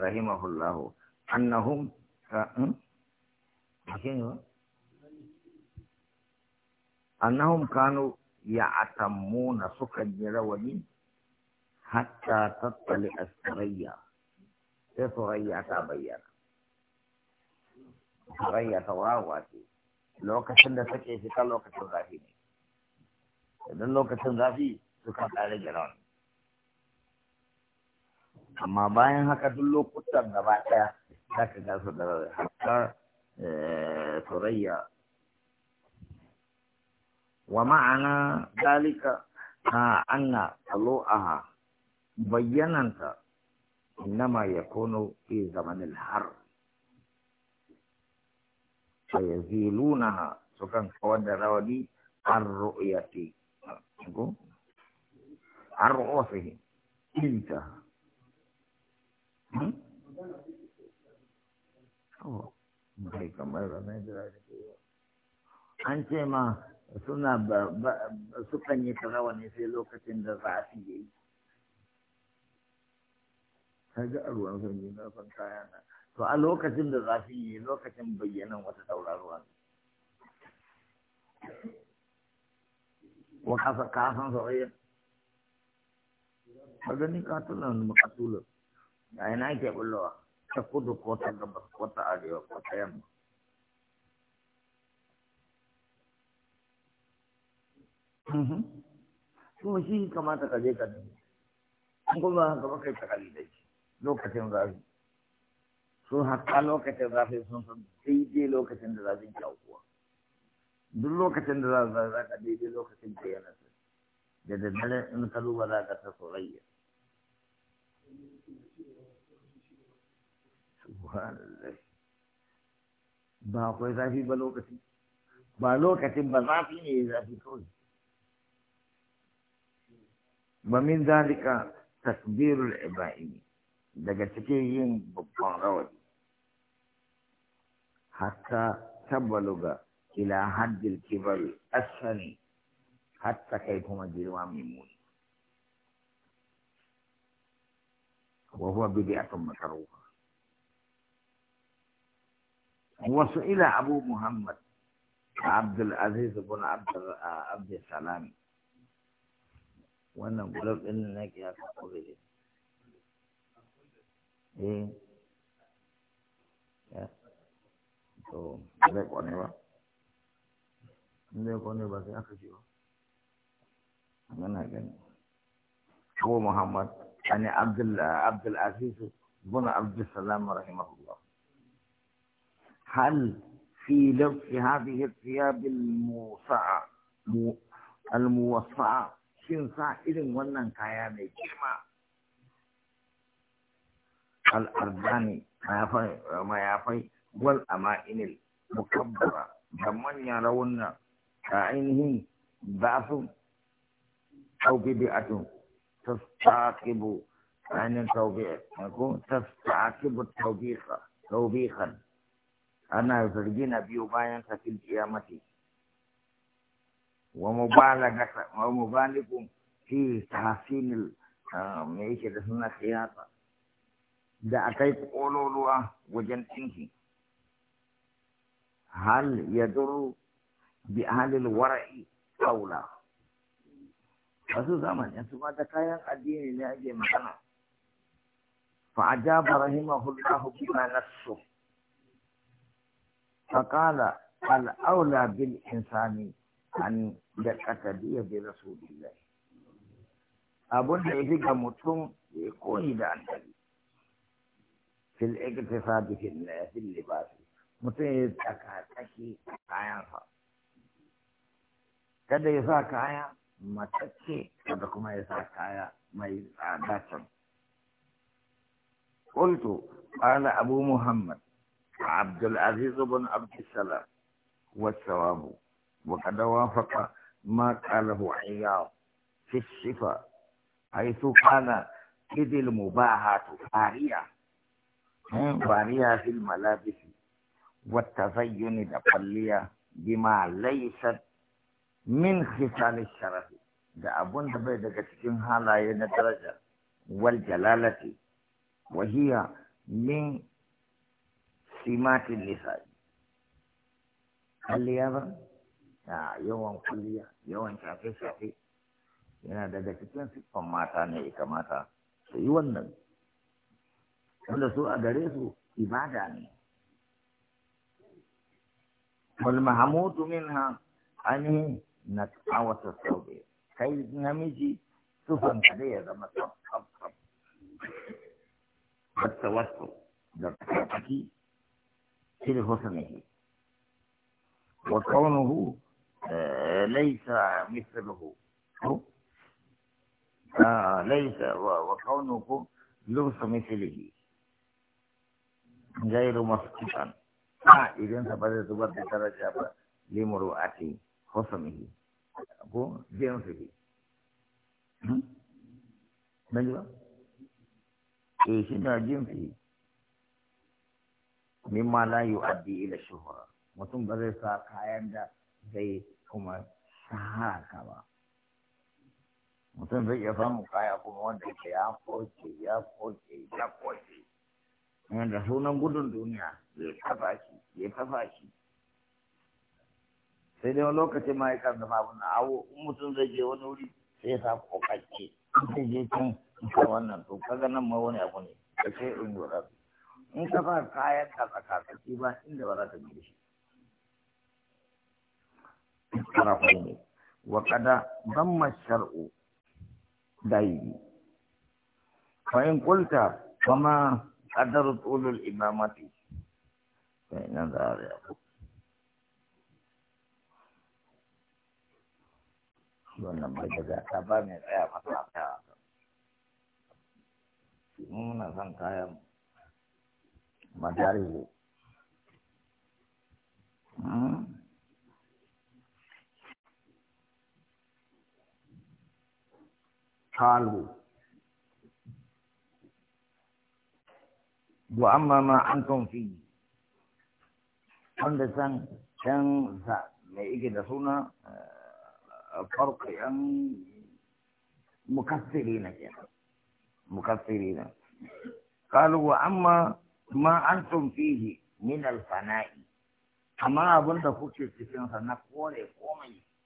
رحمه الله أنهم أنهم كانوا يعتمون سكا جروني حتى تطلع السرية سرية تبين سرية تواواتي lokacin da take كان lokacin zafi ne idan lokacin zafi suka tsare giron amma bayan haka duk lokutan gaba ɗaya za ka gasa da hatta turayya eh, wa ma'ana dalika ha anna a bayyananta innama kono fi zamanin har fa sukan kawar da rawani an ru'yati ko an ru'yati Hmm? Oh, bai kamar ranar jira da ke an ce ma suna sukan yi rawa ne sai lokacin da zafi ya yi a ruwan sanyi na san kaya na to a lokacin da zafi ya yi lokacin bayyanan wata daura ruwa wa kasa kasan saurayin ka gani makatulan a ina ake bullowa ta kudu ko ta gabas ko ta arewa ko ta yamma mhm. kuma shi kamata ka je ka an kuma haka ba kai ta kalli da shi lokacin zafi sun hatta lokacin zafi sun san daidai lokacin da zafin ke aukuwa duk lokacin da za ka daidai lokacin da yana da daddare in ka duba za ka ta soyayya با خو اضافي بلو کتي بلو کتي بضافي نه اضافي کول ومن ذلك تكبير العبائم دغه تکیین په پاره حتى تبلغ الى حد الكبر الثاني حتى كيف هم جرام يمون وهو بدعة مشروعة وسئل أبو محمد عبد العزيز بن عبد آه، عبد السلام وانا اقول لك انك يا قبيله ايه يا تو هو محمد يعني عبد آه، عبد العزيز بن عبد السلام رحمه الله هل في لبس هذه الثياب الموسعة الموسعة شن سائل ونن كيان كما الأرضاني ما يفعي ما يفعي والأمائن المكبرة كمن يرون كائنهم بعث أو ببيئة تستعقب عن التوبيخ تستعقب التوبيخ توبيخا ana zargi na biyu bayan safin kiyamati wa mubalagata wa mubalikum fi tahsinil me yake da suna siyasa da akai kololuwa wajen tinki hal yaduru bi ahlil wara'i qawla wasu zamanin su ma da kayan addini ne ake magana fa ajaba rahimahullahu bima nassuh فقال الأولى بالإنسان أن يقتدي برسول الله أبن إذا متوم يكون ده النبي في الاقتصاد في اللباس mutum ya tsaka tsaki a kayansa kada ya sa kaya matacce kada kuma ya sa kaya mai tsada قلت قال أبو محمد عبد العزيز بن عبد السلام والثواب وقد وافق ما قاله عياض في الشفاء حيث كان إذ المباهاة فارية فارية في الملابس والتزين دقلية بما ليست من خصال الشرف da abun da bai daga cikin halaye na daraja wal jalalati wahiya min تقسيمات النساج هل لي هذا؟ يوم كلية يوم شافي شافي هنا ده ده كتن في قم ماتا نهي كماتا سيوان نهي ولا سوء دريسو إبادة نهي والمحمود منها أنه نتعوى تستوبي كيف نمجي سفن كده يا زمان طب طب طب حتى وصل في حسنه وكونه ليس مثله ليس وكونه لبس مثله غير مسكتا إذا إذن سبب تبقى درجة لمرؤاتي حسنه أبو جنسه من جوا إيش جنسه mimma la yu'addi ila shuhura mutum ba zai sa kayan da zai kuma shahara ka ba mutum zai iya samu kaya kuma wanda ke ya koke ya koke ya koke da sunan gudun duniya ya kafa shi ya kafa shi sai dai wani lokaci ma ya kan zama abin awo in mutum zai je wani wuri sai ya sa kokacce sai je can ita wannan to kaga nan ma wani abu ne da sai in yi in ka fara kayan ka tsakatsaki ba inda ba za ka gudu shi wa kada ban shar'u daibi fa in kulta fama kadar tulul imamati fa inna dara wannan bai daga ta ba mai tsaya masa a kaya muna son kayan madarije قالوا وأما ما أنتم فيه wanda san can mai yake da suna eh, farko yan mukassiri na ke mukassiri na kalu wa amma ma antum fihi min al-fana'i amma abin da kuke cikin sa na kore komai